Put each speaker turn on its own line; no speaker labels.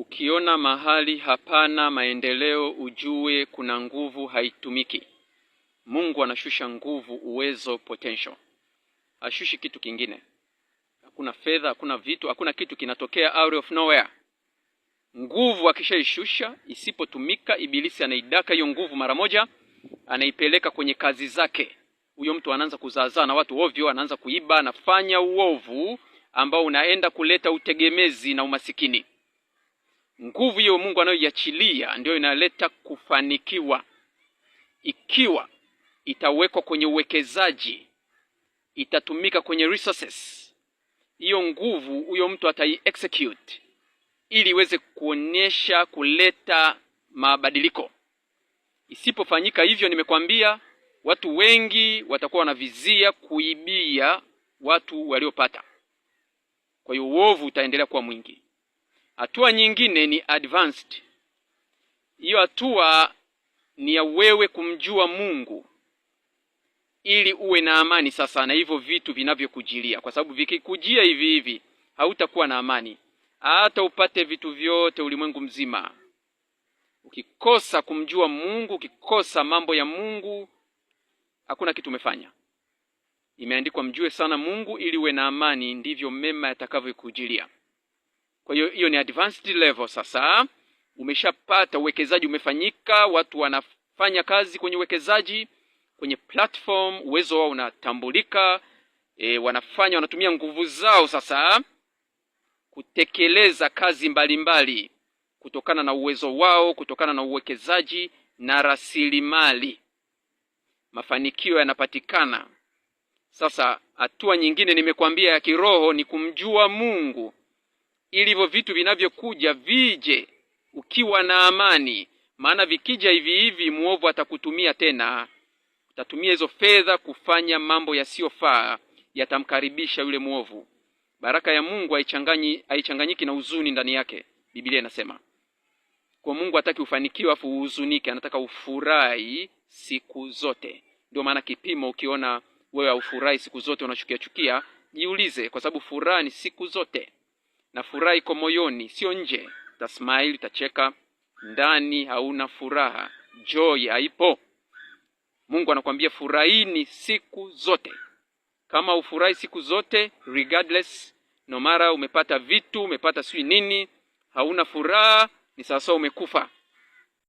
Ukiona mahali hapana maendeleo ujue kuna nguvu haitumiki. Mungu anashusha nguvu, uwezo, potential. Hashushi kitu kingine. Hakuna fedha, hakuna vitu, hakuna kitu kinatokea out of nowhere. Nguvu akishaishusha isipotumika, ibilisi anaidaka hiyo nguvu mara moja, anaipeleka kwenye kazi zake. Huyo mtu anaanza kuzaazaa na watu ovyo, anaanza kuiba, anafanya uovu ambao unaenda kuleta utegemezi na umasikini. Nguvu hiyo Mungu anayoiachilia ndiyo inaleta kufanikiwa, ikiwa itawekwa kwenye uwekezaji, itatumika kwenye resources. Hiyo nguvu huyo mtu atai execute ili iweze kuonyesha kuleta mabadiliko. Isipofanyika hivyo, nimekwambia watu wengi watakuwa wanavizia kuibia watu waliopata. Kwa hiyo uovu utaendelea kuwa mwingi. Hatua nyingine ni advanced. Hiyo hatua ni ya wewe kumjua Mungu ili uwe na amani sasa na hivyo vitu vinavyokujilia, kwa sababu vikikujia hivi hivi hautakuwa na amani, hata upate vitu vyote ulimwengu mzima. Ukikosa kumjua Mungu, ukikosa mambo ya Mungu, hakuna kitu umefanya. Imeandikwa, mjue sana Mungu ili uwe na amani, ndivyo mema yatakavyokujilia. Kwa hiyo hiyo ni advanced level. Sasa umeshapata uwekezaji umefanyika, watu wanafanya kazi kwenye uwekezaji, kwenye platform, uwezo wao unatambulika. E, wanafanya wanatumia nguvu zao sasa kutekeleza kazi mbalimbali mbali, kutokana na uwezo wao, kutokana na uwekezaji na rasilimali, mafanikio yanapatikana. Sasa hatua nyingine nimekuambia ya kiroho ni kumjua Mungu ili hivyo vitu vinavyokuja vije ukiwa na amani, maana vikija hivi hivi mwovu atakutumia tena, utatumia hizo fedha kufanya mambo yasiyofaa, yatamkaribisha yule mwovu. Baraka ya Mungu haichanganyi haichanganyiki na huzuni ndani yake. Biblia inasema kwa Mungu hataki ufanikiwe afu uhuzunike, anataka ufurahi siku zote. Ndio maana kipimo, ukiona wewe haufurahi siku zote unachukia chukia, jiulize, kwa sababu furaha ni siku zote na furaha iko moyoni, sio nje. smile utacheka, ndani hauna furaha, joy haipo. Mungu anakuambia furahini siku zote. Kama ufurahi siku zote, regardless, no mara umepata vitu, umepata sijui nini, hauna furaha, ni sawasawa umekufa.